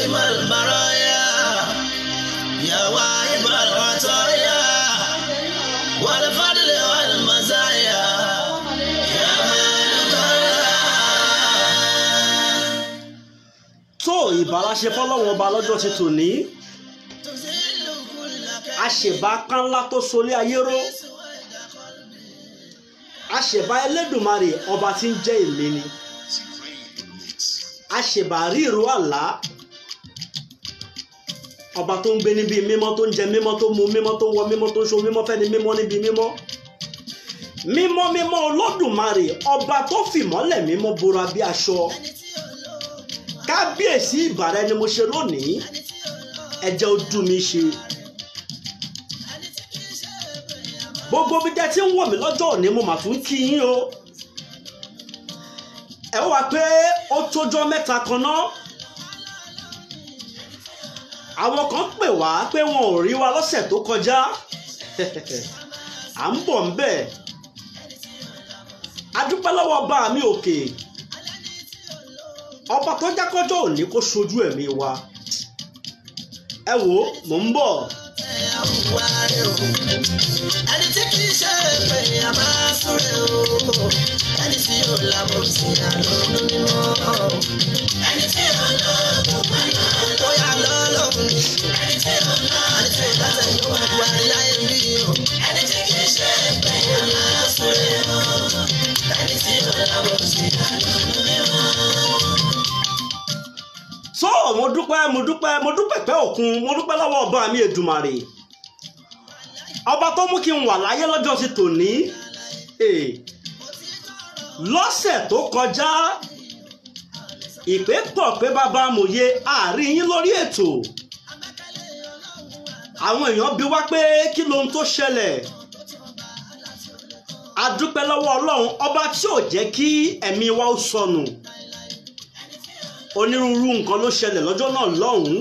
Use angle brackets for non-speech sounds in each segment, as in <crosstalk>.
وعظيم البرايا يا واهب العطايا والفضل والمزايا يا tó ìbáraṣe fọlọ́wọ́n ọba lọ́jọ́ ti tò ní àṣebá kánlá tó solé ayé ró àṣebá Elédùmarè ọba tí ń jẹ́ ìléni àṣebá ríru àlá ọba tó ń gbé níbi mímọ́ tó ń jẹ mímọ́ tó mu mímọ́ tó ń wọ mímọ́ tó ń so mímọ́ fẹ́ni mímọ́ níbi mímọ́ mímọ́ mímọ́ olódùmarè ọba tó fìmọ́lẹ̀ mímọ́ bora bí aṣọ kábíyèsí ìbàrẹ̀ ni mo ṣe lónìí ẹ̀jẹ̀ ó dùn mí ṣe gbogbo bí jẹ́ tí ń wọ̀ mí lọ́jọ́ òní mo mà tún kí yín o ẹ wá pé ó tójọ́ mẹ́ta kan náà àwọn kan pè wá pé wọn ò rí wa lọ́sẹ̀ tó kọjá à ń bọ̀ ń bẹ̀ adúpẹ́ lọ́wọ́ bá mi òkè ọba tó jákọ́jọ́ òní kó sojú ẹ̀mí wa ẹ wò mò ń bọ̀. ẹni tí kì í ṣe pé a máa súre o ẹni tí yóò làbọ̀ sí àná mímọ́ ẹni tí dúpẹ́ mo dúpẹ́ mo dúpẹ́ pẹ́ òkun mo dúpẹ́ lọ́wọ́ ọba mi Èdùmàrè ọba tó mú kí n wà láyé lọ́jọ́ ti tòní eh, lọ́sẹ̀ tó kọjá ìpè pọ̀ pé bàbá amòye àárín yín lórí ètò àwọn èèyàn bi wá pé kí lohun tó ṣẹlẹ̀ a dúpẹ́ lọ́wọ́ Ọlọ́run ọba tí ò jẹ́ kí ẹ̀mí wa ó sọnù. So onírúurú nǹkan ló ṣẹlẹ̀ lọ́jọ́ náà lọ́hùn-ún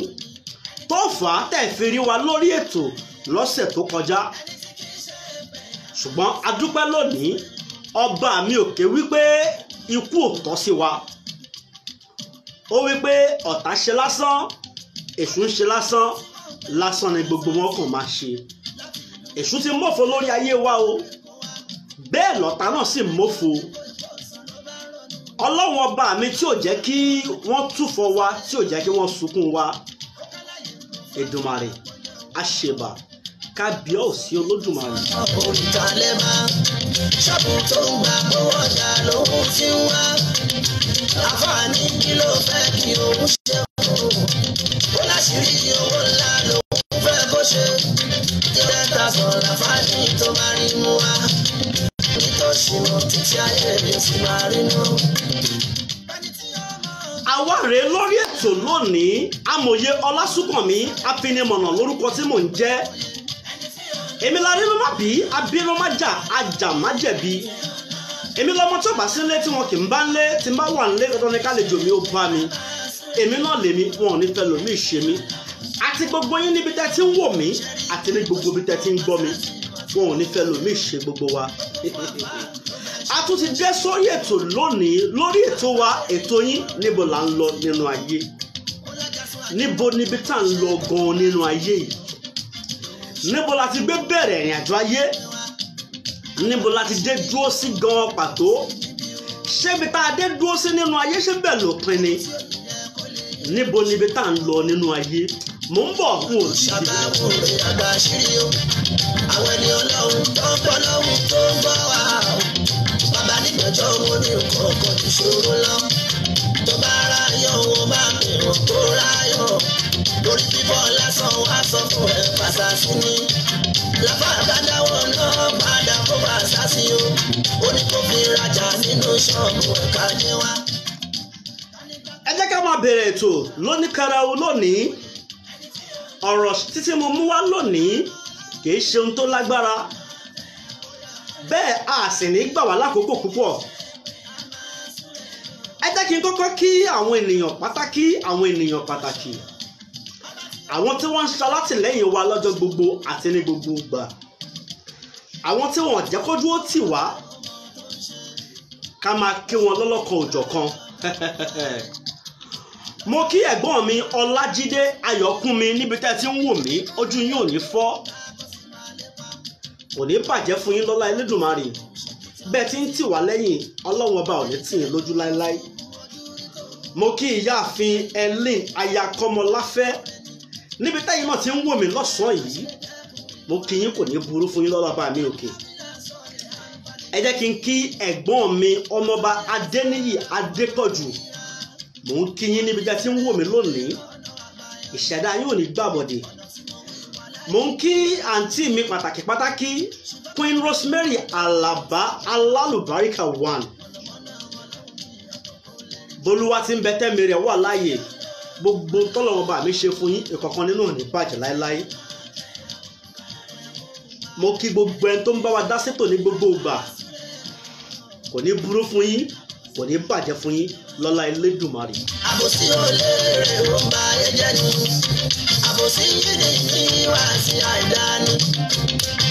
tó fà á tẹ̀ fi rí wa lórí ètò lọ́sẹ̀ tó kọjá ṣùgbọ́n a dúpẹ́ lónìí ọba mi òkè wípé ikú ò tọ́ sí wa ó wípé ọ̀tá ṣe lásán èṣù ń ṣe lásán lásán ni gbogbo wọn kàn máa ṣe èṣù ti mọ̀fọ́ lórí ayé wa o bẹ́ẹ̀ lọ́tà náà sì mọ̀fọ́ ọlọ́run ọba mi tí ò jẹ́ kí wọ́n túfọ̀ wa tí ò jẹ́ kí wọ́n sunkún wa Èdùmàrè àṣebà kábíọ́sí olódùmarè. olùdálẹ́ máa ṣọ́ọ̀bù tó ń gbà kó ọjà lòún ti ń wá àfààní kí ló fẹ́ kí òun ṣe òun ó láṣìírí owó ńlá lòún fẹ́ kó ṣe tí wọ́n ta sọ̀rọ̀ àfààní tó máa rí mú wá títí ayé mi ti máa rí ná. àwa rèé lórí ètò lónìí amòye ọlásùnkànmí afinimọ̀nà lórúkọ tí mò ń jẹ́ èmi la rí ló má bí abínú má jà ajá má jẹ̀bi èmi lọmọ tó bá sílé tí wọn kì í bá ń lé tí bá wà nílé dandan ní kálejò mi ó bá mi èmi náà lèmi wọn ò ní fẹ́ lòmí ìṣe mi àti gbogbo yín níbi tẹ́ ti ń wò mí àti ní gbogbo ibi tẹ́ ti ń gbọ́ mi wọn ò ní fẹ́ lòmí ìṣe gbogbo wa <laughs> a tún ti jẹ́ sórí ètò lónìí lórí ètò wa ètò yín níbo là ń lọ nínú ayé níbo níbi tá à ń lọ gan-an nínú ayé yìí níbo la ti gbé bẹ̀rẹ̀ ìrìn àjò ayé níbo la ti dé dúró sí gan-an pàtó ṣébi tá a dé dúró sí nínú ayé ṣé bẹ́ẹ̀ lópin ni níbo níbi tá à ń lọ nínú ayé mò ń bọ̀ n ò àwọn ènìyàn lọ́hùn tó ń bọ̀ lọ́hùn tó ń bọ̀ wá ìdájọ́ wọn ní nǹkan kan ti ṣòro lọ. tó bá ráyọ̀ wọn bá bèrò tó ráyọ̀ lórí bíbọ̀ lásán wá sọ fún ẹ fàṣàṣì ni. láfà àbádáwọ̀ náà padà kó bá ṣáṣì o ó ní kó fi rajà nínú ṣọ́ọ̀bù ẹ̀ka ní wá. ẹ jẹ́ ká máa bẹ̀rẹ̀ ètò lóníkarau lónìí ọ̀rọ̀ títí mo mú wá lónìí kì í ṣe ohun tó lágbára bẹ́ẹ̀ a sì ní gbà wá lákòókò púpọ̀ ẹ jẹ́ kí n kọ́kọ́ kí àwọn ènìyàn pàtàkì àwọn ènìyàn pàtàkì àwọn tí wọ́n ń ṣalátìlẹ́yìn wa lọ́jọ́ gbogbo àti ní gbogbo gbà àwọn tí wọ́n jẹ́ kó dúró tì wá ká máa kí wọn lọ́lọ́kan òjọ̀kan <laughs> mo kí ẹ̀gbọ́n mi ọlájídé ayọ̀kúnmi níbi tẹ́ ẹ ti ń wò mí ojú yín ò ní fọ́ kò ní bàjẹ́ fún yín lọ́lá Elédùmarè bẹ́ẹ̀ tí ń tì wá lẹ́yìn ọlọ́run ọba ò ní tì yín lójú láéláé mo kí ìyáàfin Helen ayakọ́mọláfẹ́ níbi tẹ́yìn náà ti ń wò mí lọ́sàn-án yìí mo kí yín kò ní burú fún yín lọ́lá ọba mi òkè ẹ jẹ́ kí n kí ẹ̀gbọ́n mi ọmọọba adẹ́níyì adépọ̀jù mò ń kí yín níbi tẹ́ ti ń wò mí lónìí ìṣẹ̀dá yóò ní gbàbọ̀dẹ̀ mo ń kí àǹtí mi pàtàkì pàtàkì Queen Rosemary Alaba alálùbáríkà one bolúwa ti ń bẹ tẹ́mi rẹ̀ wà láàyè gbogbo tọ́lọ́mọba mi ṣe fún yín ìkọ̀kan nínú ní bàjẹ́ láéláé mo kí gbogbo ẹni tó ń bá wa dá sétò ní gbogbo ìgbà kò ní burú fún yín kò ní bàjẹ́ fún yín lọ́lá Elédùmarè. àbòsí olè ó ń ba ẹ̀jẹ̀ nù kò sí gidi ní wá sí àìdáni.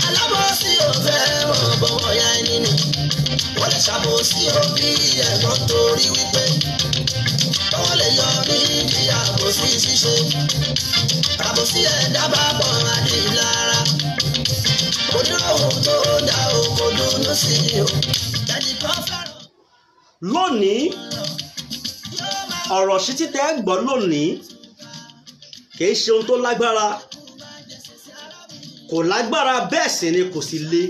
alábòsí ò fẹ́ wọn bọ̀wọ̀ ya ẹni ni wọ́n lè ṣàbòsí òbí ẹ̀gbọ́n torí wípé wọ́n lè yọ bí bí àbòsí ṣíṣe àbòsí ẹ̀dá bá pọ̀ adìlára kò ní tó dá o dúró sí i o ẹnìkan fẹ́ràn. lónìí ọ̀rọ̀ sí títẹ́ gbọ́ lónìí kìí ṣe ohun tó lágbára kò lágbára bẹ́ẹ̀ sì ni kò sì le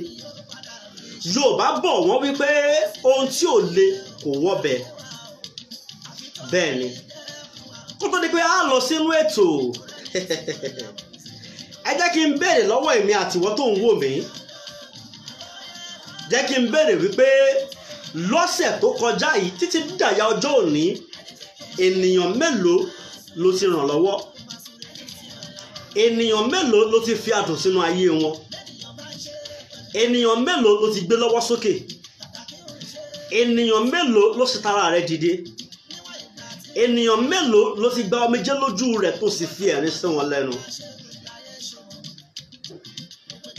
Yorùbá bọ̀ wọ́n wípé ohun tí ò le kò wọ́bẹ̀ bẹ́ẹ̀ ni kó tó di pé a lọ sínú ètò ẹ jẹ́ kí n béèrè lọ́wọ́ èmi àtiwọ́ tó ń wò mí jẹ́ kí n béèrè wípé lọ́sẹ̀ tó kọjá yìí títí dídàyà ọjọ́ òní ènìyàn mélòó ló ti ràn lọ́wọ́ ènìyàn mélòó ló ti fi àdùn sínú ayé wọn ènìyàn mélòó ló ti gbé lọ́wọ́ sókè ènìyàn mélòó ló sì tara rẹ̀ dìde ènìyàn mélòó ló ti gba omijé lójú rẹ̀ tó sì fi ẹ̀rín sí wọn lẹ́nu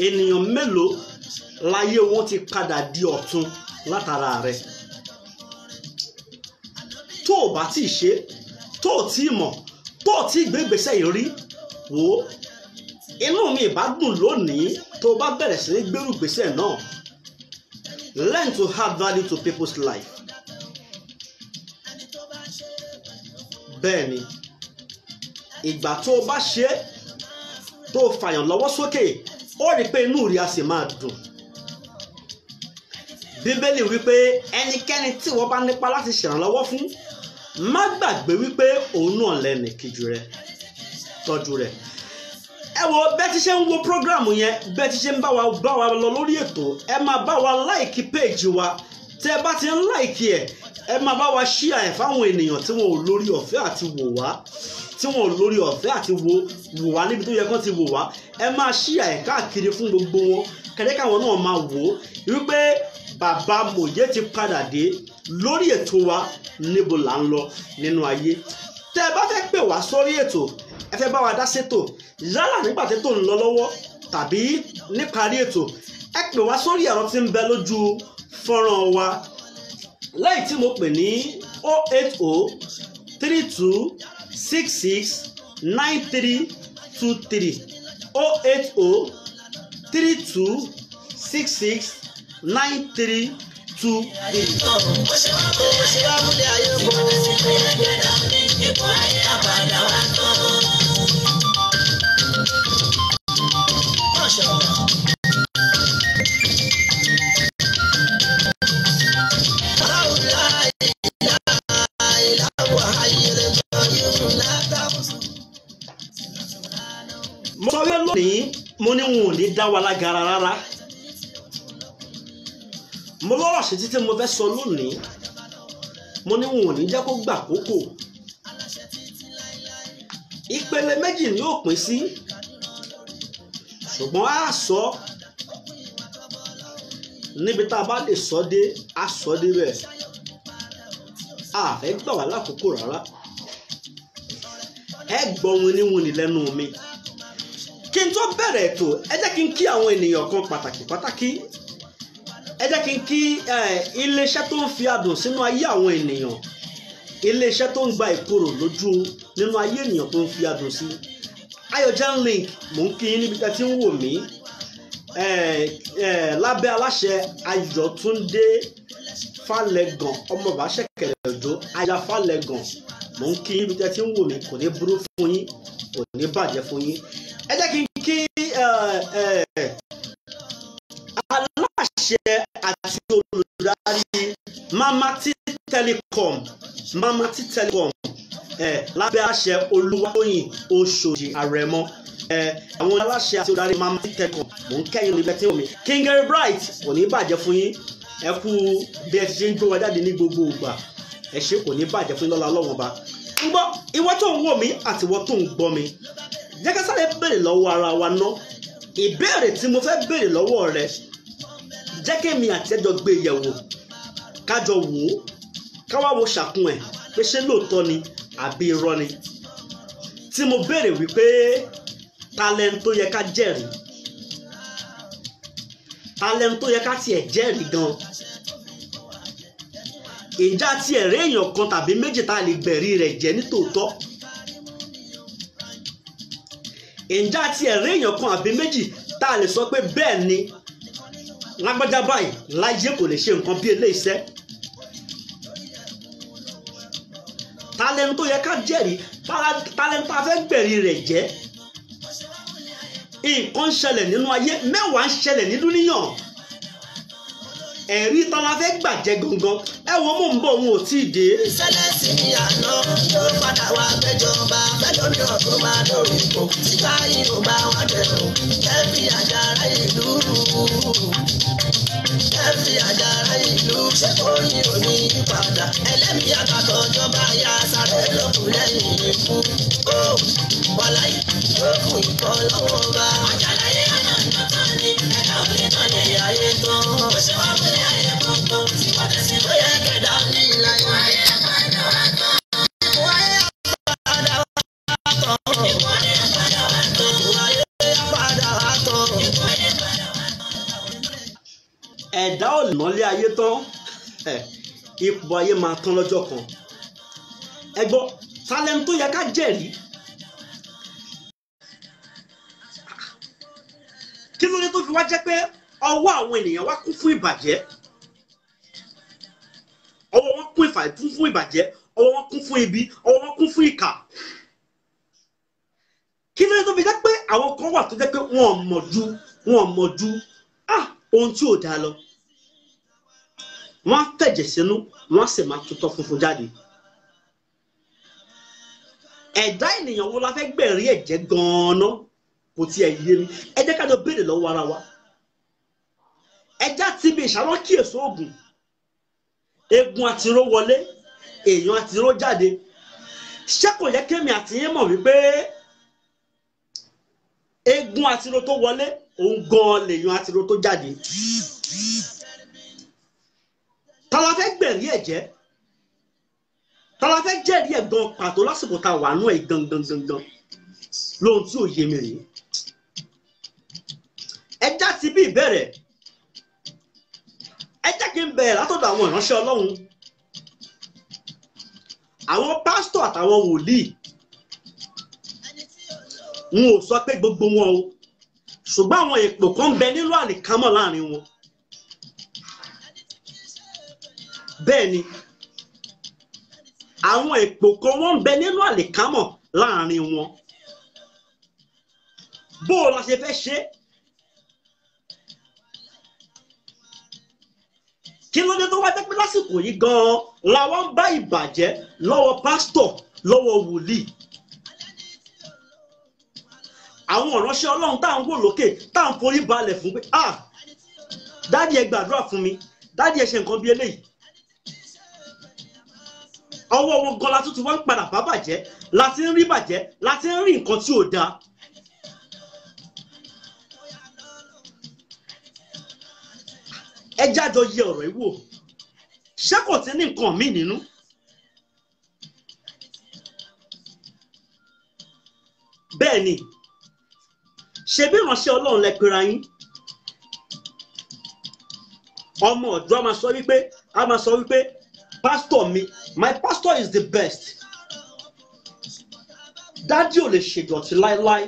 ènìyàn mélòó láyé wọn ti padà di ọ̀tun látara rẹ̀ tó o bá tí ì ṣe tó o tí ì mọ̀ tó o tí ì gbé ìgbésẹ̀ yìí rí wò ó inú mi ìbá dùn lónìí tó bá bẹ̀rẹ̀ sí ní gbèrú gbèsè náà learn to add value to people's life bẹ́ẹ̀ ni ìgbà tó o bá ṣe é tó o fàyàn lọ́wọ́ sókè ó rí i pé inú rí a sì máa dùn bíbélì wípé ẹnikẹ́ni tí wọ́n bá nípa láti ṣèrànlọ́wọ́ fún má gbàgbé wípé òun náà lẹ́nu kejì rẹ̀ tọ́jú rẹ̀ ẹ wo bẹ́ẹ̀ ti ṣe ń wo prógrámù yẹn bẹ́ẹ̀ ti ṣe ń bá wa bá wa lọ lórí ètò ẹ máa bá wa láìkí péèjì wa tẹ́ ẹ bá ti ń láìkí ẹ̀ ẹ máa bá wa ṣí àyẹ̀ fáwọn ènìyàn tí wọn ò lórí ọ̀fẹ́ àti wò wá tí wọn ò lórí ọ̀fẹ́ àti wò wá níbi tó yẹ kán ti wò wá ẹ máa ṣí àyẹ̀ káàkiri fún gbogbo wọn kẹ̀lẹ́ káwọn náà máa wò ó wípé bàbá mòye ti padà dé lórí ètò wa níbo là ń lọ nínú ayé tẹ́ bá fẹ́ pè wá sórí ètò ẹ fẹ́ bá wa dá sétò yálà nígbà tètò ń lọ lọ́wọ́ tàbí níparí ètò ẹ pè wá sórí ẹ̀rọ tí ń bẹ lójú fọ́nrán wa lẹ́yìn tí mo pè ní 080 32 66 93 23 080 32 66 93 23. Ìbámu ni ayé kò. Ìbámu ni ayé mo sọ wípé lónìí mo ní wọn ò ní dá wa lágara rárá mo lọ́rọ̀ sí títí mo fẹ́ sọ lónìí mo ní wọn ò ní jẹ́ kó gbà kókò ìpele méjì ni ó pín sí ṣùgbọ́n a sọ níbi tá a bá lè sọ dé a sọ débẹ̀ a fẹ́ gbà wá lákòókò rárá ẹ gbọ́ wọn ní wọn ní lẹ́nu mi kí n tó bẹ̀rẹ̀ ètò ẹ jẹ́ kí n kí àwọn ènìyàn kan pàtàkì pàtàkì ẹ jẹ́ kí n kí eh, iléeṣẹ́ tó ń fi adùn sínú ayé àwọn ènìyàn iléeṣẹ́ tó ń gba ìkorò lójú nínú ayé ènìyàn tó ń fi adùn sí ayọ̀jẹ́ link mò ń kí yín níbi tẹ́ ti ń wò mí eh, eh, lábẹ́ aláṣẹ ayọ̀túndé falẹ̀gàn ọmọ bàṣẹ̀kẹ̀lẹ̀ ọ̀dọ́ aya falẹ̀gàn mò ń kí ibi tẹ́ ti ń wò mí kò ní burú fún yín kò ní bàjẹ́ fún yín ẹ jẹ́ kí n kí aláṣẹ àti olùdarí mamati telecom mamati telecom lábẹ́ àṣẹ olúwatóyìn oṣòjì àrẹ̀mọ àwọn aláṣẹ àti olùdarí mamati telecom mò ń kẹ́yìn níbẹ̀ tí omi King Bright kò ní bàjẹ́ fún yín ẹ kú bí ẹ ti ṣe ń gbé wa jáde ní gbogbo ìgbà ẹ̀ṣẹ̀ kò ní bàjẹ́ fún lọ́la ọlọ́run ọba ń gbọ́ ìwọ tó ń wò mí àti ìwọ tó ń gbọ́ mi jẹ́ ká sáré béèrè lọ́wọ́ ara wa ná ìbéèrè tí mo fẹ́ béèrè lọ́wọ́ rẹ jẹ́ kí èmi àti ẹjọ́ gbé e yẹ̀wò kájọ wò ó káwá wo ṣàkun ẹ̀ pé ṣé lóòótọ́ ni àbí irọ́ ni tí mo béèrè wípé talent tó yẹ ká jẹ́rìí talent tó yẹ ká tiẹ̀ jẹ́rìí gan-an ìjà ti ẹ̀rẹ́ èèyàn kan tàbí méjì tá a lè gbẹ̀rí rẹ̀ jẹ́ nítòótọ́ ìjà ti ẹ̀rẹ́ èèyàn kan àbí méjì tá a lè sọ pé bẹ́ẹ̀ ni lágbájá báyìí láyé kò lè ṣe nǹkan bí eléyìíṣẹ́ talẹ́nu tó yẹ ká jẹ́rìí talẹ́nu tá a fẹ́ gbẹ̀rí rẹ̀ jẹ́ nǹkan ń ṣẹlẹ̀ nínú ayé mẹ́wàá ń ṣẹlẹ̀ ní dúníyàn ẹ̀rí tọ́lá fẹ́ gbàjẹ́ gangan ẹ wo mò ń bọ̀ òun ò tí ì dé. ìṣẹ̀lẹ̀ sì ni àná tó padà wá gbẹjọba mẹ́jọ ní ọ̀tún máa lórí ipò tí báyìí bá wá dẹ̀rùn kẹ́fì àjàrà ìlú kẹ́fì àjàrà ìlú ṣé kò ní òní padà ẹlẹ́mìí àtàtọ̀ ọjọ́ba ya sáré lókun lẹ́yìn ikú ó wàláyé ó kù lọ́wọ́ bá. àjàlá ẹ̀dá ọ̀nàlẹ́ ayé tán ipò ayé máa tán lọ́jọ́ kan ẹ gbọ́ talẹ́ni tó yẹ ká jẹ̀rí kí ló dé tó fi wá jẹ́ pé ọwọ́ àwọn ènìyàn wá kún fún ìbàjẹ́ ọwọ́ wọn kún fún ìbàjẹ́ ọwọ́ wọn kún fún ibi ọwọ́ wọn kún fún ìkà kí ló dé tó jẹ́ pé àwọn kan wà tó jẹ́ pé wọ́n mọ̀ ju wọ́n mọ̀ ju ah ohun tí ò dáa lọ wọ́n á tẹ̀jẹ̀ sínú wọ́n á sì máa tutọ́ funfun jáde ẹ̀dá ènìyàn wo la fẹ́ gbẹ̀rí ẹ̀jẹ̀ gan-an kò tiẹ̀ yé mi ẹ jẹ́ béèrè lọ́wọ́ ara wa ẹja ti bí ìṣàlọ́ kíyèsí oògùn egun àtiró wọlé èèyàn àtiró jáde ṣé kò yẹ kémi àtìyẹn mọ̀ wípé egun àtiró tó wọlé òun gan-an lèèyàn àtiró tó jáde tọ́lá fẹ́ gbẹ̀rí ẹ̀ jẹ́ tọ́lá fẹ́ jẹ́rìí ẹ̀ gan pàtó lásìkò tá a wà nú ẹ̀ gangan lóhun tí ò yé mi rèé ẹja ti bí ìbẹ̀rẹ̀ ẹ jẹ́ kí n bẹ̀rẹ̀ látọ̀dọ̀ àwọn ìránṣẹ́ ọlọ́run àwọn pásítọ̀ àtàwọn wòlíì n ò sọ pé gbogbo wọn o ṣùgbọ́n àwọn èpò kan ń bẹ nílò àlìkámọ̀ láàrin wọn bẹ́ẹ̀ ni àwọn èpò kan wọ́n ń bẹ nílò àlìkámọ̀ láàrin wọn bó o la ṣe fẹ́ ṣe é. kí ló dé tó wá jẹ́ pé lásìkò yìí gan-an làwọn ń bá ìbàjẹ́ lọ́wọ́ pásítọ̀ lọ́wọ́ wòlíì àwọn ìránṣẹ́ ọlọ́run tá à ń wò lókè tá à ń forí balẹ̀ fún pé ah dáàdì ẹ gbàdúrà fún mi dáàdì ẹ ṣe nǹkan bí eléyìí ọwọ́ wọn gan la tún ti wá ń padà bá bàjẹ́ la ti ń rí bàjẹ́ la ti ń rí nǹkan tí ò dáa ẹ jájọ yẹ ọ̀rọ̀ yìí wò ṣé kò ti ní nǹkan míì nínú. bẹ́ẹ̀ ni ṣebí ìránṣẹ́ ọlọ́run lẹ pera yín ọmọ ọ̀dọ́ a máa sọ wípé a máa sọ wípé pastor mi my pastor is the best dádì ò lè ṣèdọ̀tí láéláé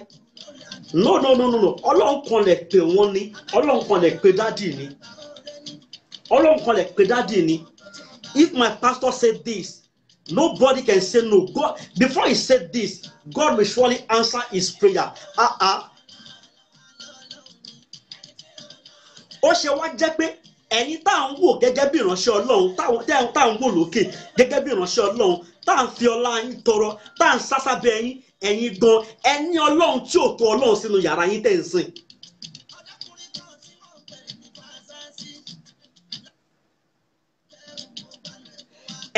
no no no no ọlọ́run kan lè pè wọ́n ní ọlọ́run kan lè pè dádì ní. No, no, no, no ọlọ́run kan lè pè dáàdì ni if my pastor said this nobody can say no god before he said this god will surely answer his prayer ah ah ó ṣe wá jẹ́ pé ẹ̀yin tá à ń wò gẹ́gẹ́ bí ìránṣẹ́ ọlọ́run tá à ń wò lókè gẹ́gẹ́ bí ìránṣẹ́ ọlọ́run tá à ń fi ọlá yín tọrọ tá à ń sásábẹ́ yín ẹ̀yin gan ẹni ọlọ́run tí ò tó ọlọ́run sínú yàrá yín tẹ̀ ń sìn.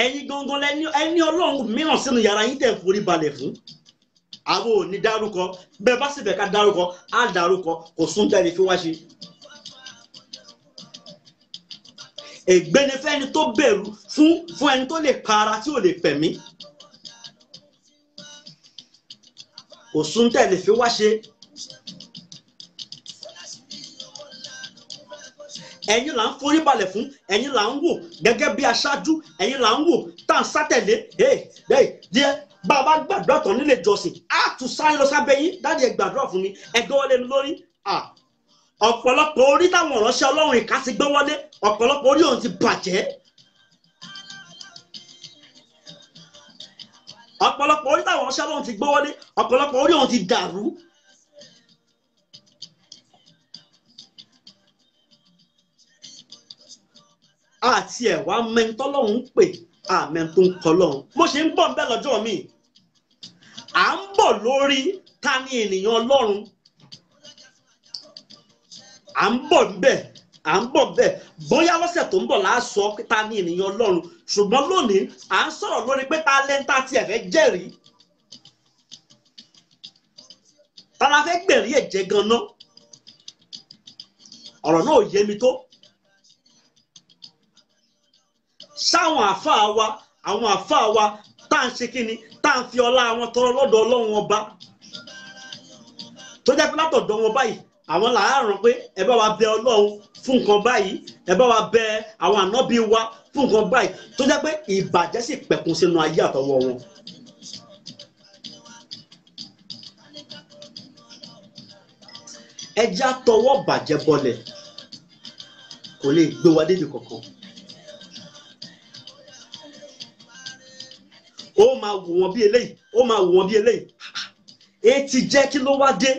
ẹ̀yin gangan lẹ́ni ẹni ọlọ́run mìíràn sínú yàrá yín tẹ̀ forí balẹ̀ fún àwọn ò ní dárúkọ bẹ́ẹ̀ bá sì bẹ̀ ká dárúkọ á dárúkọ kò sún jáde fi wá ṣe. ègbéni fẹ́ni tó bẹ̀rù fún fún ẹni tó lè para tí ò lè pẹ̀mí kò sún tẹ̀lé wá ṣe ẹ̀yin là ń forí balẹ̀ fún ẹ̀yin là ń wò gẹ́gẹ́ bí aṣáájú ẹ̀yin là ń wò tá à ń sátẹ̀lé bẹ́ẹ̀ díẹ̀ bá a bá gbàdúrà tán nílé ìjọsìn á tún sáré lọ sábẹ́ yín dáàdi ẹ̀ gbàdúrà fún mi ẹ̀ gbọ́wọ́ lé mi lórí ọ̀pọ̀lọpọ̀ orí táwọn ìránṣẹ́ ọlọ́run ìka ti gbé wọlé ọ̀pọ̀lọpọ̀ orí òun ti bàjẹ́ ọ̀pọ̀lọpọ̀ orí táwọn ìránṣẹ́ ọlọ́run ti gbé wọlé ọ̀pọ̀lọpọ̀ orí òun ti dàrú àti ẹ̀wà mẹ́ńtọ́lọ́hún pè àmẹ́ńtó ń kọ́ lọ́hún mo ṣe ń bọ̀ ń bẹ́ lọ́jọ́ mi à ń bọ̀ lórí ta ni ènìyàn ọlọ́run à ń bọ̀ bẹ́ẹ̀ à ń bọ̀ bẹ́ẹ̀ bóyá lọ́sẹ̀ tó ń bọ̀ là á sọ pé ta ni ènìyàn ọlọ́run ṣùgbọ́n lónìí à ń sọ̀rọ̀ lórí pé ta lẹ́ńtà tí fẹ́ jẹ́rìí ta la fẹ́ gbẹ̀rí ẹ̀jẹ̀ gan-an ọ̀rọ̀ náà yé mi tó sáwọn àfáà wa àwọn àfáà wa tá à ń ṣe kíni tá à ń fi ọlá wọn tọrọ lọ́dọ̀ ọlọ́run ọba tó jẹ́ pé látọ̀dọ̀ wọn báyìí àwọn làárọ̀ pé ẹ bá wa bẹ ọlọ́run fún nǹkan báyìí ẹ bá wa bẹ àwọn ànábì wa fún nǹkan báyìí tó jẹ́ pé ìbàjẹ́ sì pẹ̀kun sínú ayé àtọwọ́ wọn. ẹja tọwọ́ bàjẹ́ bọlẹ̀ kò lè gbé wa débi kankan. ó máa wò wọ́n bí eléyìí ó máa wò wọ́n bí eléyìí èyí ti jẹ́ kí ló wá dé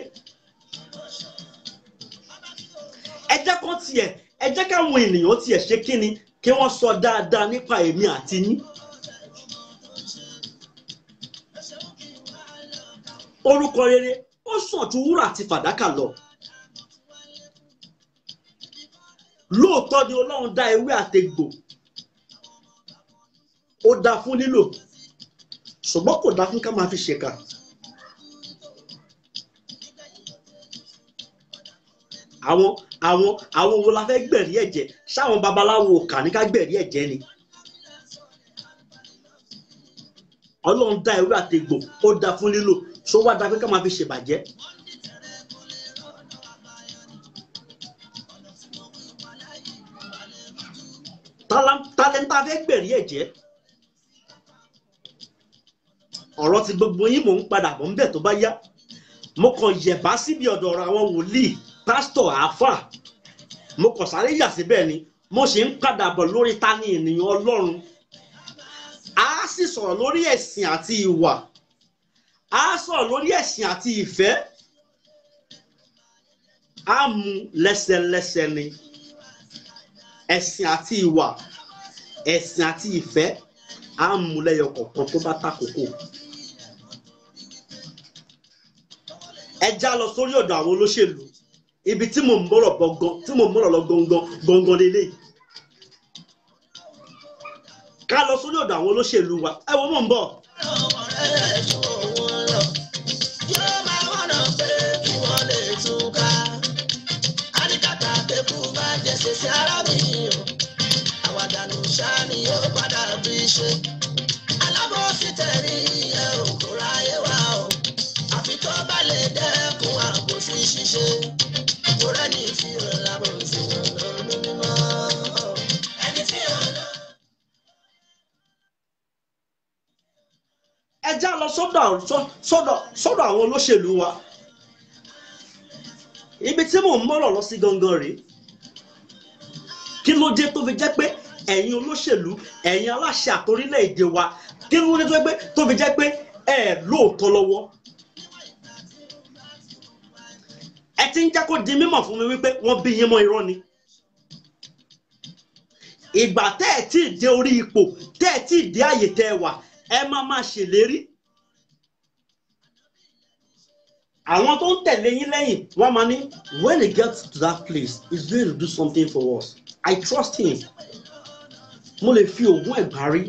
ẹ jẹ́ kán tiẹ̀ ẹ káwọn ènìyàn tiẹ̀ ṣe kí ni kí wọ́n sọ dáadáa nípa èmi àti yín. orúkọ rere ó sàn ju wúrà àti fàdákà lọ. lóòótọ́ ni ọlọ́run dá ewé àtegbò ó dá fún lílò ṣùgbọ́n kò dá fún ká máa fi ṣèkà. àwọn àwọn àwọn wo la fẹ́ gbẹ̀rí ẹ̀jẹ̀ ṣáwọn babaláwo kà ní ká gbẹ̀rí ẹ̀jẹ̀ ni. ọlọ́run dá ewé àtẹ̀gbò ó dá fún lílò ṣó wá dá pé ká máa fi ṣèbàjẹ́. tálẹ́ńtà fẹ́ gbẹ̀rí ẹ̀jẹ̀ ọ̀rọ̀ tí gbogbo yín mò ń padà bọ̀ ń bẹ̀ tó bá yá mo kàn yẹ̀bá síbi ọ̀dọ̀ ọ̀rọ̀ àwọn wòlíì pásítọ̀ àáfà mo kàn sáré yà síbẹ̀ ni mo sì ń padà bọ̀ lórí ta ni ènìyàn ọlọ́run a sì sọ̀rọ̀ lórí ẹ̀sìn àti ìwà a sọ̀rọ̀ lórí ẹ̀sìn àti ìfẹ́ a mú lẹ́sẹlẹ́sẹ ni ẹ̀sìn àti ìwà ẹ̀sìn àti ìfẹ́ a mú lẹ́yọ kọ̀ọ̀kan tó bá tàkókò. ẹ já lọ sórí ọ̀dọ̀ àwọn olóṣèlú ibi tí mò ń bọ̀rọ̀ gbọ̀ngàn tí mò ń bọ̀rọ̀ lọ gbọ̀ngàn gbọ̀ngàn lélẹ̀ ká lọ sórí ọ̀dọ̀ àwọn olóṣèlú wa ẹ wo mò ń bọ̀. Ṣé sí ṣíṣe kó rẹ́ni ìfihàn lábọ̀ ìfihàn lọ́dún mímọ́. ẹni tí yàn lọ. ẹ já lọ sọ́dọ̀ àwọn olóṣèlú wa ibi tí mò ń mọ̀rọ̀ lọ sí gangan rèé kí ló dé tó fi jẹ́ pé ẹ̀yin olóṣèlú ẹ̀yin aláṣẹ àtòrílẹ̀ èdè wa kí ló dé tó fi jẹ́ pé ẹ̀ lóòótọ́ lọ́wọ́ ẹ ti ń jẹ́ kó di mímọ̀ fún mi wípé wọ́n bí yín mọ́ irọ́ ni ìgbà tẹ́ ẹ̀ tí ì dé orí ipò tẹ́ ẹ̀ tí ì dé àyè tẹ́ ẹ wà ẹ máa máa ṣèlérí àwọn tó ń tẹ̀lé yín lẹ́yìn wọ́n máa ní when he gets to that place he's going to do something for us I trust him mo lè fi ògùn ẹ̀gbá rí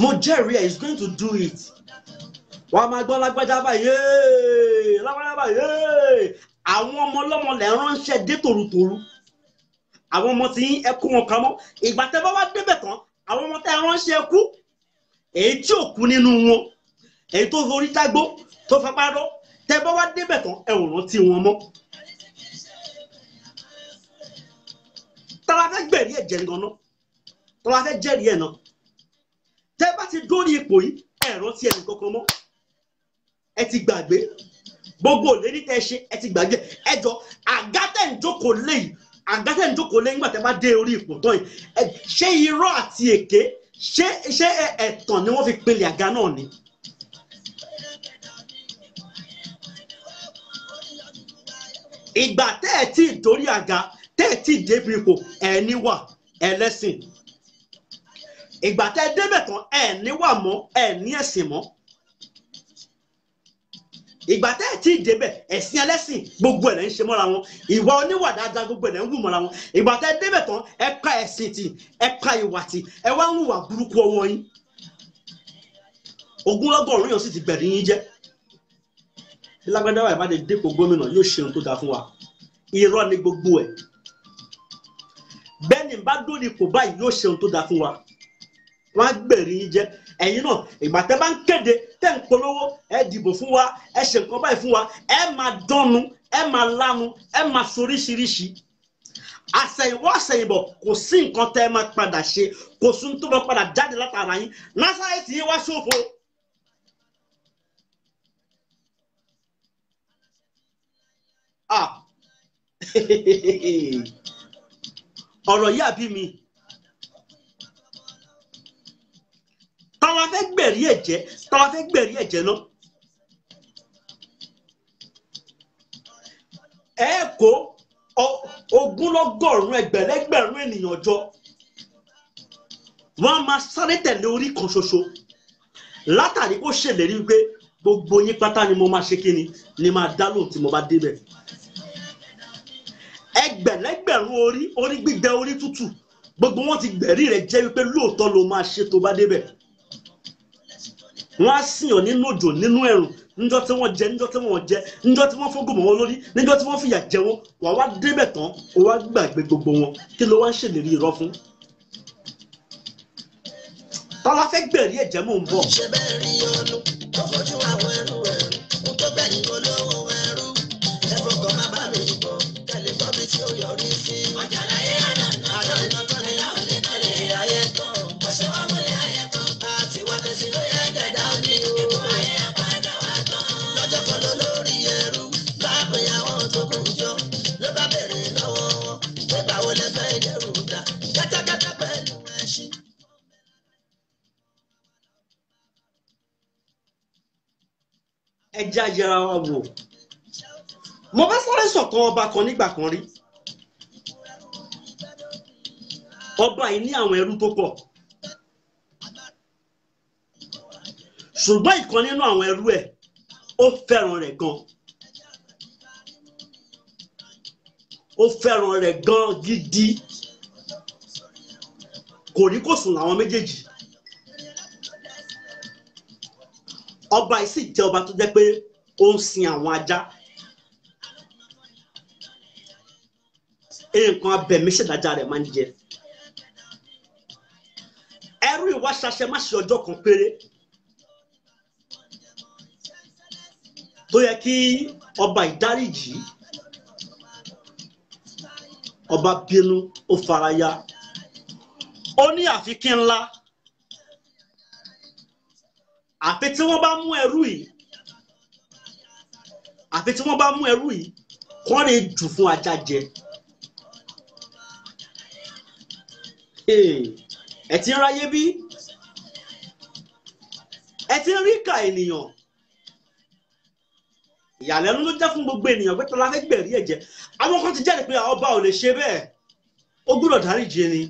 mo jẹ́rìí ẹ̀ he's going to do it wọ́n á máa gbọ́ lágbájá báyìí lágbájá báyìí àwọn ọmọ ọlọ́mọ lẹ̀ ránṣẹ́ dé tòrutòru àwọn ọmọ tí ẹ kó wọn pamọ́ ìgbà tẹ́ bá wá débẹ̀ tán àwọn ọmọ tẹ́ ránṣẹ́ kú èyí tí ò kú nínú wọn èyí tó forí dágbó tó fapá rọ tẹ́ bá wá débẹ̀ tán ẹ ò rántí wọn mọ́. tọ́lá fẹ́ gbẹ̀rí ẹ̀jẹ̀ gan ná tọ́lá fẹ́ jẹ́rí ẹ̀ náà tẹ́ bá ti dórí ipò yìí ẹ rántí ẹnì kankan mọ́ ẹ ti gbàgbé gbogbo òlérí tẹ́ ṣe ẹ ti gbàgbé ẹ jọ àgátẹ̀ ìjókòó lẹ́yìn àgátẹ̀ ìjókòó lẹ́yìn nígbà tẹ́ bá dé orí ipò tán yìí ṣé irọ́ àti èké ṣé ṣé ẹ̀tàn ni wọ́n fi pinlẹ̀ àga náà ni. ìgbà tẹ́ ẹ̀ tí ìdórí àga tẹ́ ẹ̀ tí ìdébi ipò ẹ̀ níwà ẹlẹ́sìn ìgbà tẹ́ ẹ débẹ̀ tán ẹ̀ níwà mọ́ ẹ̀ ní ẹ̀sìn mọ́ ìgbà tẹ́ ẹ̀ tí ì débẹ̀ ẹ̀sìn ẹlẹ́sìn gbogbo ẹ̀ lẹ́ ń ṣe mọ́ra wọn ìwà oníwà dáadáa gbogbo ẹ̀ lẹ́ ń wù mọ́ra wọn ìgbà tẹ́ ẹ débẹ̀ tán ẹ pa ẹ̀sìn tì ẹ pa ìwà tì ẹ wá ń hùwà burúkú ọwọ́ yín ogunlọ́gọ́rùn-ún yóò sì ti bẹ̀rẹ̀ yín jẹ́ lágbádá ìbáde dépò gómìnà yóò ṣe ohun tó dáa fún wa irọ́ ni gbogbo ẹ̀ bẹ́ẹ̀ ni bá dóni kò báyìí yóò ṣe ohun tó dáa fún wa wọ́n á gbèrè yín jẹ ẹ̀yin náà ìgbà tẹ́ bá ń kéde tẹ́ ń polówó ẹ dìbò fún wa ẹ ṣe nǹkan báyìí fún wa ẹ máa dánnu ẹ máa lánu ẹ máa soríṣiríṣi àṣẹ̀yìnwó àṣẹ̀yìnbọ̀ kò sí nǹkan tẹ́ ẹ máa padà ṣe kò sún tó bá padà jáde látara yín násàrẹ́tì yín wá ṣòfò. Ah. <laughs> ọ̀rọ̀ yìí àbí mi. táwa fẹ́ gbẹ̀rí ẹ̀jẹ̀ táwa fẹ́ gbẹ̀rí ẹ̀jẹ̀ náà. ẹ kó ogúnlọ́gọ́rùn-ún ẹgbẹ̀lẹ́gbẹ̀rún ènìyàn jọ wọ́n á máa sáré tẹ̀lé orí kan ṣoṣo látàrí kó ṣèlérí wípé gbogbo yín pátá ni mo máa ṣe kí ni ni máa dá lóhùn tí mo bá débẹ̀ ẹgbẹ̀lẹ́gbẹ̀rún orí orí gbígbẹ orí tútù gbogbo wọn ti gbẹ̀rí rẹ̀ jẹ́ wípé lóòótọ́ ló máa ṣe tó bá débẹ̀ wọ́n á sìn ọ́ nínú òjò nínú ẹ̀rùn níjọ́ tí wọ́n jẹ níjọ́ tí wọ́n jẹ níjọ́ tí wọ́n fúngùn mọ́ wọn lórí níjọ́ tí wọ́n fìyà jẹ wọn wà wá débẹ̀ tán ó wá gbàgbé gbogbo wọn kí ló wá ń ṣèlérí irọ́ fún. tọ́lá fẹ́ gbẹ̀rí ẹ̀jẹ̀ mò ń bọ̀. ṣé bẹ́ẹ̀ rí ọlú ọ̀fọ́jú àwọn ẹrú ẹrú ń tó gbẹ̀yìn olówó ẹrú ẹ̀fọ́ kan má bá mi yìnbọn tẹlifọ́bì tí ó yọrí jẹ́ ayẹra wọn wò mo bá sáré sọ̀kan ọba kan nígbà kan rí ọba yìí ní àwọn ẹrú tó pọ̀ ṣùgbọ́n ìkan nínú àwọn ẹrú ẹ̀ ó fẹ́ràn rẹ̀ gan ó fẹ́ràn rẹ̀ gan gidi kò rí kò sùn làwọn méjèèjì ọba yìí sì jẹ́ ọba tó jẹ́ pé ó ń sin àwọn ajá nǹkan abẹ̀mí ṣèdájà rẹ̀ máa ń jẹ ẹrú ìwà ṣaṣẹ má ṣe ọjọ́ kan péré tó yẹ kí ọba ìdáríjì ọba bínú ó faraya ó ní àfikín ńlá àfi tí wọ́n bá mú ẹrú yìí àfi tí wọ́n bá mú ẹrú yìí kọ́ lè jù fún ajá jẹ. ẹ ti ń ráyé bí ẹ ti ń rí ka ènìyàn ìyàlẹ́nu ló jẹ́ fún gbogbo ènìyàn pé tọ́lá fẹ́ gbẹ̀rí ẹ̀jẹ̀ àwọn kan ti jáde pé àwọn ọba ò lè ṣe bẹ́ẹ̀ ó gbúdọ̀ dáríjì ni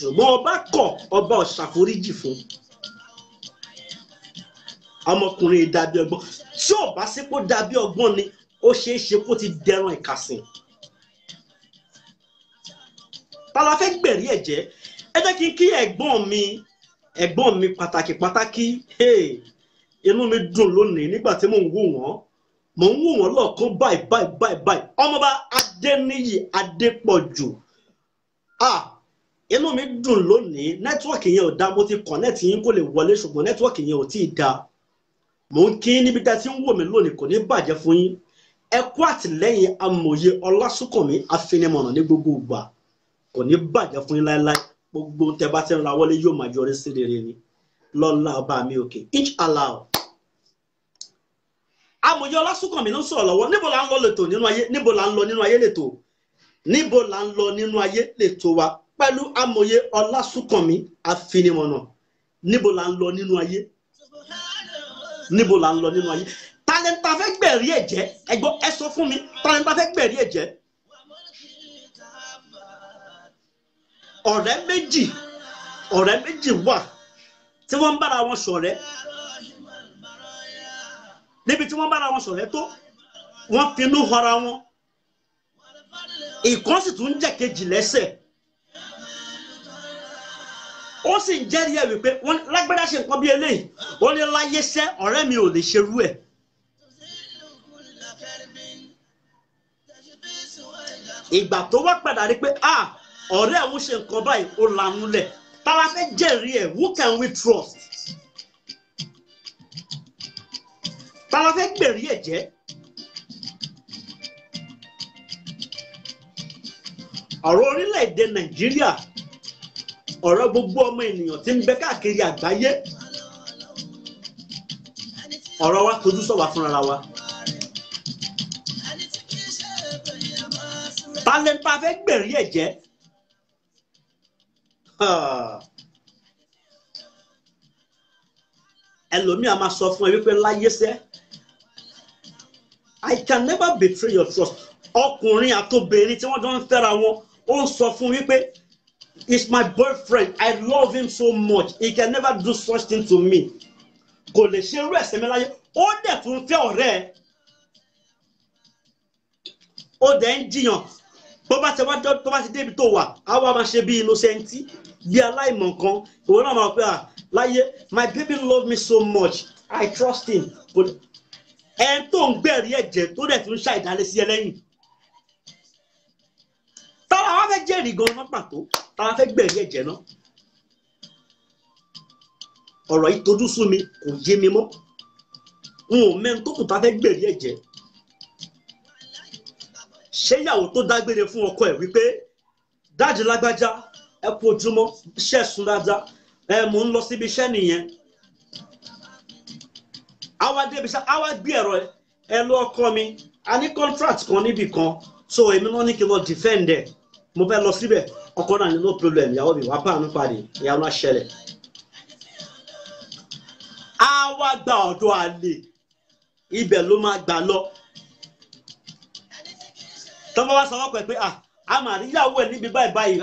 ṣùgbọ́n ọba kọ̀ ọba ò ṣàforíjì fún un ọmọkùnrin yìí dàbí ọgbọ́n tí ò bá sí kó dàbí ọgbọ́n ni ó ṣeé ṣe kó ti dẹran ìkàsìn ta la fẹ́ gbẹ̀rí ẹ̀ jẹ́ ẹ jẹ́ kí n kí ẹ̀gbọ́n mi ẹ̀gbọ́n mi pàtàkì pàtàkì inú mi dùn lónìí nígbà tí mò ń wò wọ́n mò ń wò wọ́n lọ́ọ̀kan báyìí báyìí báyìí báyìí ọmọba adẹ́níyì adépọ̀jù ah inú mi dùn lónìí nẹ́tíwọ̀kì yẹn ò dá mo ti kọ̀nẹ́ẹ̀tì yín kó lè wọlé ṣùgbọ́n nẹ́tíwọ̀kì yẹn ò tí ì mò ń kí níbi tá a ti ń wò mí lónìí kò ní bàjẹ́ fún yín ẹ kú àtìlẹ́yìn amòye ọlásùnkànmí afinimọ̀nà ní gbogbo ìgbà kò ní bàjẹ́ fún yín láéláé gbogbo tẹ bá ti ń ra wọlé yóò máa yọrí sí rere ni lọ́la ọba mi òkè inch allah amòye ọlásùnkànmí ló ń sọ̀rọ̀ lọ́wọ́ níbo la ń lọ lẹ́tọ̀ nínú ayé níbo la ń lọ nínú ayé lẹ́tọ̀ níbo la ń lọ nínú ayé lẹ́tọ̀ wa pẹ̀lú amòye ọlásùnkànmí afinimọ̀nà níbo la ń lọ nínú ayé níbo là ń lọ nínú ayé talenta fẹ́ gbẹ̀rí ẹ̀jẹ̀ ẹgbọ́ ẹ sọ fún mi talenta fẹ́ gbẹ̀rí ẹ̀jẹ̀ ọ̀rẹ́ méjì ọ̀rẹ́ méjì wà tí wọ́n ń bára wọn ṣọ̀rẹ́ níbi tí wọ́n bára wọn ṣọ̀rẹ́ tó wọ́n finú họra wọn ìkànsì tún jẹ́ kejì lẹ́sẹ̀ ó sì ń jẹ́rìí ẹ̀ wípé wọ́n lágbádá ṣe nǹkan bí eléyìí ó ní láyé sẹ́ ọ̀rẹ́ mi ò lè ṣerú ẹ̀. ìgbà tó wá padà rí pé ah ọ̀rẹ́ òun ṣe nǹkan báyìí ó lanú lẹ̀ táwa fẹ́ jẹ́rìí ẹ̀ who can we trust? táwa fẹ́ gbèrí ẹ̀ jẹ́. ọ̀rọ̀ orílẹ̀-èdè nàìjíríà ọ̀rọ̀ gbogbo ọmọ ènìyàn tí ń bẹ káàkiri àgbáyé ọ̀rọ̀ wa tojú sọ̀wá fúnra wa. talẹ́ńpá fẹ́ gbẹ̀rí ẹ̀jẹ̀ ẹlòmíà máa sọ fún ẹ wípé láyé sẹ́ I can never betray your trust ọkùnrin àtobìnrin tí wọ́n jọ ń fẹ́ra wọn ó ń sọ fún wípé He's my boyfriend. I love him so much. He can never do such thing to me. Kò lè ṣe irú ẹ̀sẹ̀ mi láyé. Ó dẹ̀ tún fẹ́ ọ̀rẹ́ ẹ̀. Ó dẹ̀ ń jiyàn. Tó bá ti wá tó bá ti débi tó wà, á wá máa ṣe bí innocenti, bí aláìmọ̀ kan. Ìwọ náà máa pẹ́ à ah, láyé. My baby love me so much. I trust him. Ẹn tó ń gbẹ̀rí ẹ̀jẹ̀ tó dẹ̀ tún ṣàìdálé sí ẹlẹ́yìn. Tọ́lá wá fẹ́ jẹ́rìí gan-an pàtó tára fẹ́ gbẹ̀rí ẹ̀jẹ̀ náà ọ̀rọ̀ yìí tojú sú mi kò yé mi mọ́ n ò mẹ́ni tó kù tá fẹ́ gbẹ̀rí ẹ̀jẹ̀ ṣé ìyàwó tó dágbére fún ọkọ ẹ̀ wípé dáàdì lágbájá ẹ kú ojúmọ́ ṣẹ́ sùn dáadáa ẹ mò ń lọ síbi iṣẹ́ nìyẹn àwa débi iṣẹ́ àwa gbé ẹ̀rọ ẹ lọ ọkọ mi a ní contract kan níbì kan so èmi náà ní kí n lọ defend ẹ̀ mo fẹ́ lọ síbẹ̀ ọkọ náà ní no problem ìyàwó mi wàá bá àánú pàdé ìyàwó náà ṣẹlẹ̀ á wá gba ọ̀dọ̀ àlè ibẹ̀ ló máa gbà lọ tọ́fọ́ wá sọ wọ́pẹ́ pé ah a ìyàwó ẹ̀ níbi báyìí báyìí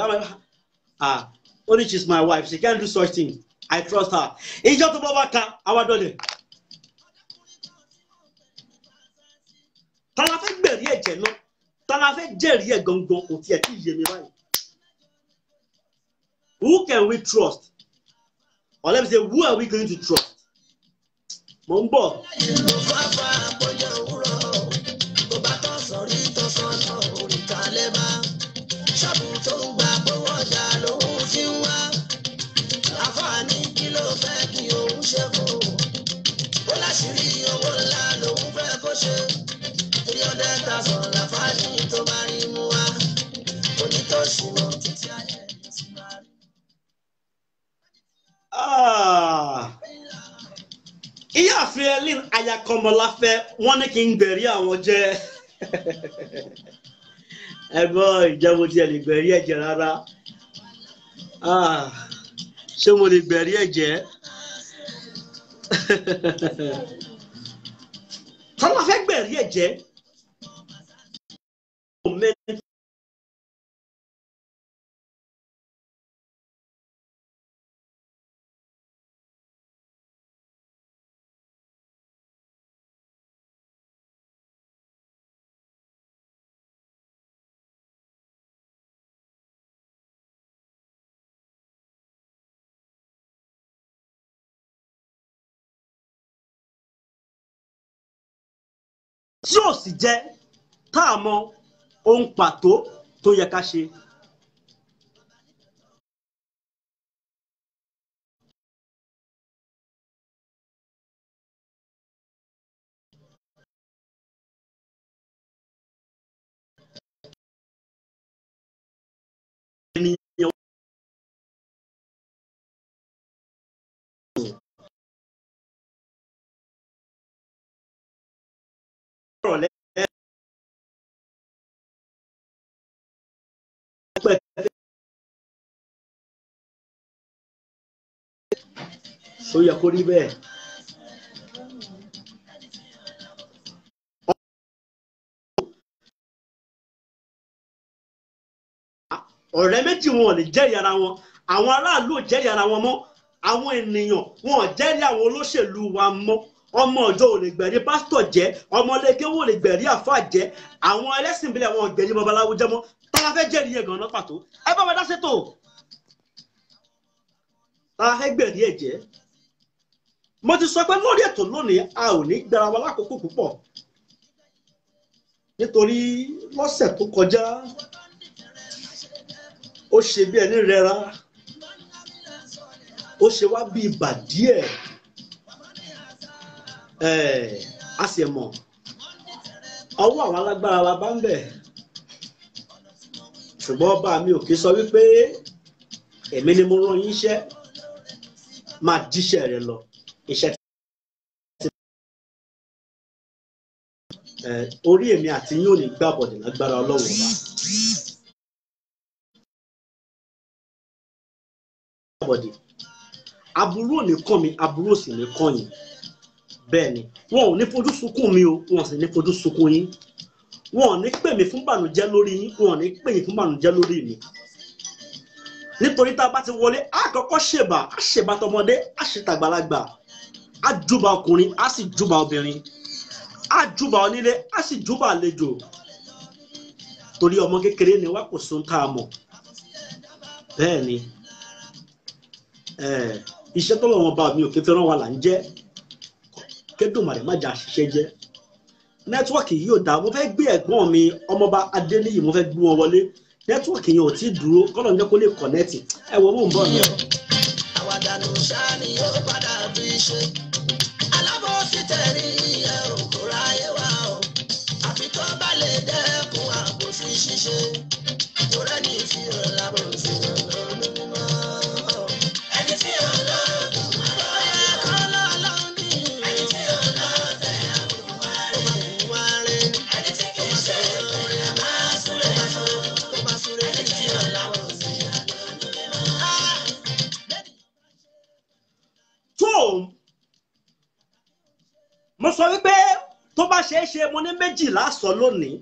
ah only she is my wife she can't do such thing I trust her ìjọ tó bọ́ wá ka àwa tọ́lá fẹ́ gbẹ̀rí ẹ̀jẹ̀ náà tala fẹ́ jẹ́rìí ẹ̀ gangan kò tiẹ̀ tí yé mi báyìí who can we trust or let me say who are we going to trust mo ń bọ̀. ṣọ́ọ̀bù tó ó láṣìírí owó ńlá lòun fẹ́ kó ṣe three hundred thousand naira. ìyáàfin elin ayakọmọláfẹ wọn ní kí n gbẹ̀rí àwọn jẹ ẹ̀gbọ́n ìjẹun tí ẹ lè gbẹ̀rí ẹ̀jẹ̀ rárá ah, ṣé mo lè gbẹ̀rí ẹ̀jẹ̀ <laughs> tọ́lá fẹ́ gbẹ̀rí ẹ̀jẹ̀. sì jẹ́ tá a mọ ohun pàtó tó yẹ ká ṣe. ọ̀rọ̀ ṣó yẹ kó rí bẹ́ẹ̀. ọ̀rẹ́ méjì wọn ò lè jẹ́rìí ara wọn àwọn aráàlú ò jẹ́rìí ara wọn mọ́ àwọn ènìyàn wọn ò jẹ́rìí àwọn olóṣèlú wa mọ́ ọmọ ọjọ́ ò lè gbẹ̀rí pásítọ̀ jẹ́ ọmọlẹ́kẹ́ wọn ò lè gbẹ̀rí àfáà jẹ́ àwọn ẹlẹ́sìn ìbílẹ̀ wọn ò gbẹ̀rí babaláwo jẹ́ mọ́ táwa fẹ́ jẹ́rìí yẹn gan-an pàtó ẹ bá wa dá sétò táwa fẹ́ gbẹ̀rí ẹ̀ jẹ́ mo ti sọ pé lórí ètò lónìí a ò ní gbára wa lákòókò púpọ̀ nítorí lọ́sẹ̀ tó kọjá ó ṣe bí ẹni rẹra ó ṣe wá bí ibà díẹ̀ a sì mọ̀ ọwọ́ àwọn alágbára wa bá ń bẹ̀ ṣùgbọ́n ọba mi ò kí sọ wípé èmi ni mo rán yín iṣẹ́ máa jíṣẹ́ rẹ lọ iṣẹ́ eh, orí èmi àti yín ò ní gbàbọ̀dẹ̀ lágbára ọlọ́run ọba. gbàbọ̀dẹ̀ aburú ò ní kàn mí aburú ò sì ní kàn yín bẹ́ẹ̀ ni wọn ò ní fojú sunkún mi o wọn sì ní fojú sunkún yín wọn ò ní pè mí fún bànújẹ́ lórí yín wọn ò ní pè yín fún bànújẹ́ lórí mi nítorí tá a bá ti wọlé àkọ́kọ́ ṣèbà àṣèbà tọmọdé àṣetàgbàlagbà. A juba ọkùnrin á sì júbà obìnrin á júbà onílé á sì júbà àlejò torí ọmọ kékeré ni wá kò sún tá a mọ̀ bẹ́ẹ̀ ni iṣẹ́ tó lọ́wọ́ bá mi ò kéfẹ́ rán wa là ń jẹ́ kédùmàrè má jà ṣiṣẹ́ jẹ́ nẹ́tíwọ́ọ̀kì yìí ò dáa mo fẹ́ gbé ẹ̀gbọ́n mi ọmọọba adéníyì mo fẹ́ gbé wọn wọlé nẹ́tíwọ́ọ̀kì yẹn ò tí ì dúró kọ́lọ̀ ń jẹ́ kó lè kọ̀nẹ́ẹ̀tì ẹ wọ bó ń bọ̀ mi àdànù ṣáà ni yóò padà fi ṣe alábòsí tẹ̀rí. méjì lásọ lónìí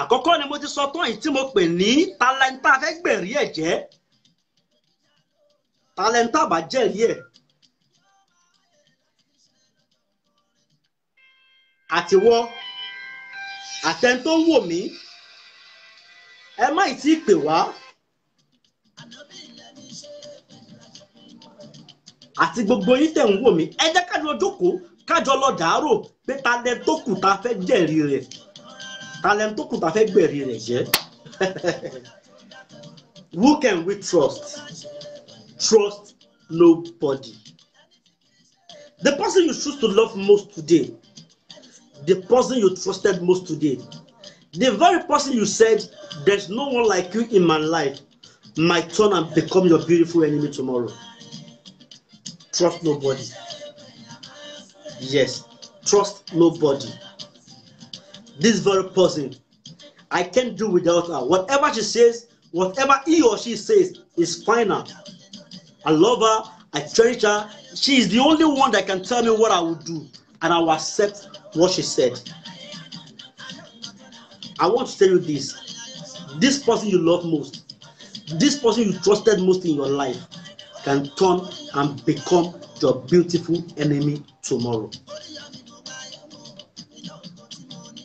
àkọ́kọ́ ni mo ti sọ tán yìí tí mo pè ní talenta fẹ́ gbẹ̀rí ẹ̀ jẹ́ talenta bá jẹ̀rí ẹ̀ àtiwọ́ àtẹn tó wò mí ẹ má ì tí ì pè wá àti gbogbo yín tẹ̀ ń wò mí ẹ jẹ́ ká lọ jókòó kájọ lọ dàárò pé talẹ ta fẹ́ jẹ̀rí rẹ̀ talẹ ta fẹ́ gbẹ̀rí rẹ̀ jẹ́ <laughs> who can we trust trust nobody the person you choose to love most today the person you trusted most today the very person you said there's no one like you in my life might turn and become your beautiful enemy tomorrow trust nobody. Yes, trust nobody. This very person, I can't do without her. Whatever she says, whatever he or she says is final. I love her, I cherish her. She is the only one that can tell me what I will do, and I will accept what she said. I want to tell you this this person you love most, this person you trusted most in your life, can turn and become your beautiful enemy tomorrow.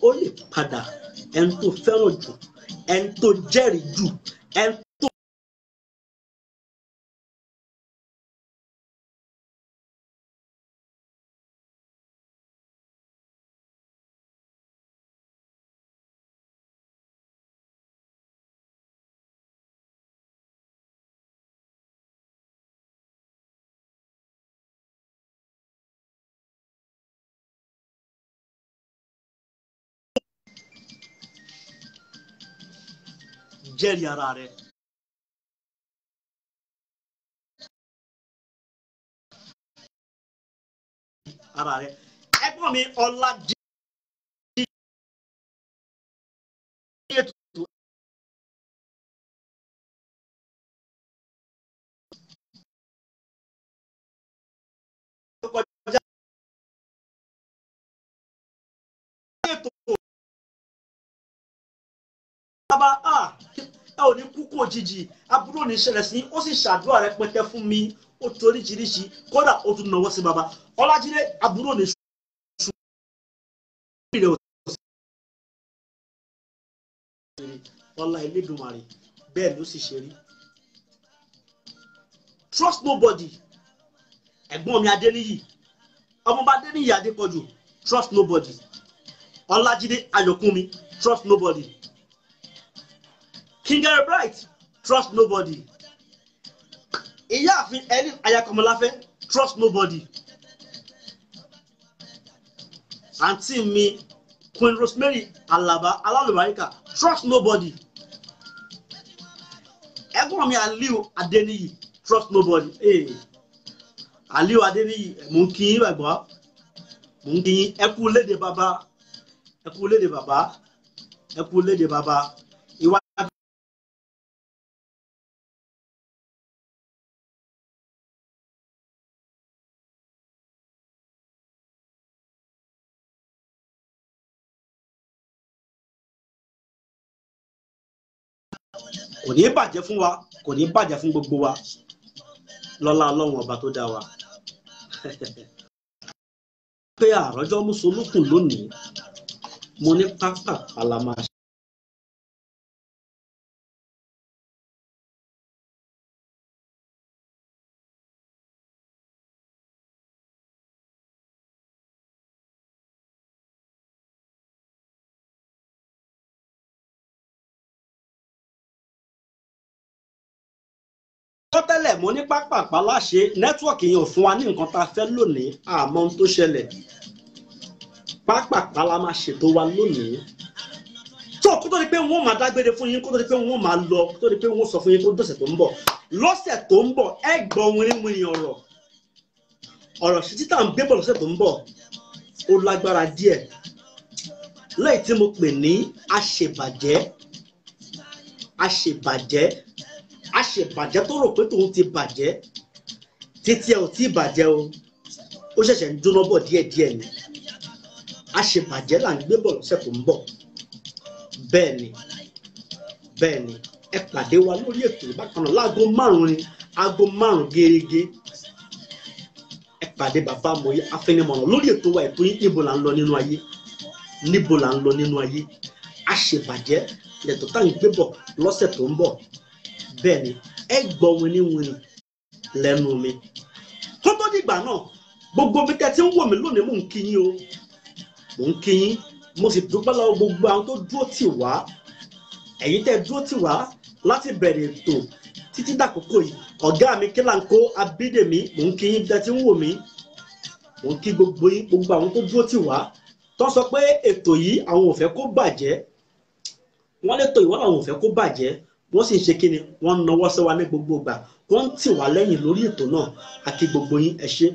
Ó lè padà ẹni tó fẹ́ràn jù, ẹni tó jẹ́rìí jù, ẹni jẹ́rìí ara rẹ. ara rẹ ẹ̀gbọ́n mi ọlá bàbá a ah, ẹ ò ní kú kó jìjì aburú ní ṣẹlẹ̀ sí ó sì ṣàdúrà rẹpẹtẹ fún mi ó toríṣiríṣi kódà ó tún náwó sí bàbá ọlájídé aburú ní ṣùgbọ́n ìrẹ̀ òsì ọlá Elédùmarè bẹ́ẹ̀ ló sì ṣe rí trust nobody ẹ̀gbọ́n mi adéníyì ọmọọba adéníyì adépọ̀jù trust nobody ọlájídé ayọ̀kúnmi trust nobody. Kingery Bright trust nobody ìyáàfin ẹni ayakomọláfẹ́ trust nobody àǹtí mi Queen Rosemary Alaba alálùbáríkà trust nobody ẹ̀gbọ́n mi Aliu Adeniyi trust nobody hey. Aliu Adeniyi mò ń kí yín bàgbọ́ mò ń kí yín ẹ kú léde bàbá ẹ kú léde bàbá ẹ léde bàbá. kò ní bàjẹ́ fún wa kò ní bàjẹ́ fún gbogbo wa lọ́lá ọlọ́run ọba tó dá wa. pé àròjọ mùsùlùkùn lónìí mo ní pápá la tó tẹ́lẹ̀ mo ní pápápá láṣẹ nẹ́tíwọ̀kì yẹn ò fún wa ní nǹkan tá a fẹ́ lónìí àmọ́ ohun tó ṣẹlẹ̀ pápápá la máa ṣètò wa lónìí tó kó tó di pé wọ́n máa dágbére fún yín kó tó di pé wọ́n máa lọ kó tó di pé wọ́n sọ fún yín kó dọ̀sẹ̀ tó ń bọ̀ lọ́sẹ̀ tó ń bọ̀ ẹ gbọ́ wínwín ọ̀rọ̀ ọ̀rọ̀ sí títà ń gbé bọ̀ lọ́sẹ̀ tó ń bọ̀ ó lágbára díẹ̀ lẹ́yìn tí mo pè ní àṣebàjẹ́ àṣebàjẹ́ a ṣe bàjẹ́ tó rò pé tòun ti bàjẹ́ títí ẹ ò tí ì bàjẹ́ o ó ṣẹ̀ṣẹ̀ ń dúná bọ̀ díẹ̀díẹ̀ ni a ṣe bàjẹ́ là ń gbé bọ̀ lọ́sẹ̀ tó ń bọ̀ bẹ́ẹ̀ ni bẹ́ẹ̀ ni ẹ pàdé wa lórí ètò ìbákan náà láago márùn-ún ni aago márùn-ún gẹ́gẹ́ ẹ pàdé bàbá amòye afẹnimọ̀nà lórí ètò wa ètò yín níbo là ń lọ nínú ayé níbo là ń lọ nínú ayé a ṣe bàjẹ́ lẹ́tọ̀ọ́ tá à ń gbé bọ̀ lọ́sẹ̀ tó ń bọ̀ bẹ́ẹ̀ ni ẹ gbọ́ winiwini lẹ́nu mi kó tó dìgbà náà gbogbo bí tẹ́ ti ń wò mí lónìí mò ń kí o mò ń kí yín mo sì dúpẹ́ lọ́wọ́ gbogbo àwọn tó dúró tì wá ẹ̀yin tẹ́ dúró tì wá láti bẹ̀rẹ̀ ètò títí dàkókò yìí ọ̀gá mi kílànkó abídèmí mò ń kí yín bí tẹ́ ti ń wò mí mò ń kí gbogbo yín gbogbo àwọn tó dúró tì wá tó sọ pé ètò yìí àwọn ò fẹ́ kó bàjẹ́ wọ́n lè tò ìwọ́n àwọn ò fẹ́ kó bàjẹ́ wọ́n sì ń ṣe kí ni wọ́n ń nawọ́ sí wa ní gbogbo ìgbà wọ́n ń tì wá lẹ́yìn lórí ètò náà àti gbogbo yín ẹ ṣé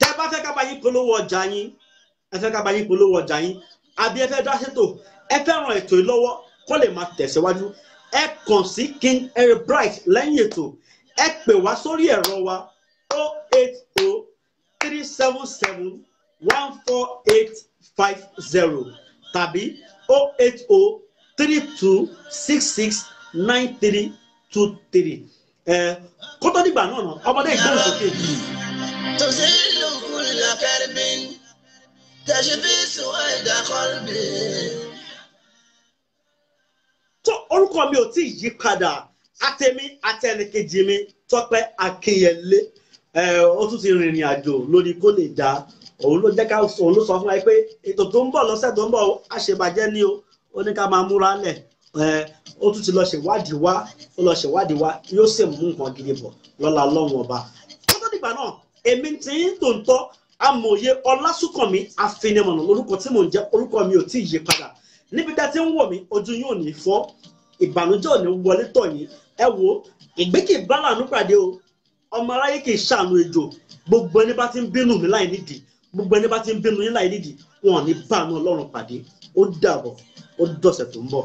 tẹ́ bá fẹ́ ká bá yín polówó ọjà yín ẹ fẹ́ ká bá yín polówó ọjà yín àbí ẹ fẹ́ dá ṣètò ẹ fẹ́ ràn ètò yìí lọ́wọ́ kó lè máa tẹ̀síwájú ẹ kàn sí King Herbright lẹ́yìn ètò ẹ pè wá sórí ẹ̀rọ wa 080 tàbí 080 nine three two three ẹ kótó dìgbà náà nà ọmọdé ìgbóhùn sókè. tòsí ìlú kùnà kẹrìbí tẹsíbí sùnwọ̀n ìdákọ́lùbí. tó orúkọ mi ò tí ì yí padà àtẹ̀mí àtẹnìkejì mi tọ́pẹ́ akínyẹlé ó tún ti rìnrìn àjò lórí kó lè dá òun ló jẹ́ ká òun ló sọ fún wa pé ètò tó ń bọ̀ lọ́sẹ̀ tó ń bọ̀ àṣebàjẹ́ ni o ó ní ká máa múra lẹ̀ ó tún ti lọ ṣèwádìí wá ó lọ ṣèwádìí wá yóò sì mú nǹkan gidi bọ̀ lọ́la ọlọ́run ọba. wọ́n tó dìgbà náà èmi ti ń tòǹtọ́ amòye ọlásùnkànmí àfinimọ̀nà lórúkọ tí mò ń jẹ́ orúkọ mi ò tí ì yí padà níbi tá a ti ń wọ̀ mí ojú yóò ní fọ́ ìbànújẹ́ ò ní wọlé tọ̀ yín ẹ wo ìgbé kì í bá làánú pàdé o ọmọ aráyé kì í ṣàánú ejò gbogbo ẹni bá ti ń bínú mi láì nídìí gbogbo ẹni bá ti ń bínú yín láì nídìí wọn ò ní bá àánú ọlọ́run pàdé ó dàbọ̀ ó dọ̀sẹ̀ tó ń bọ̀.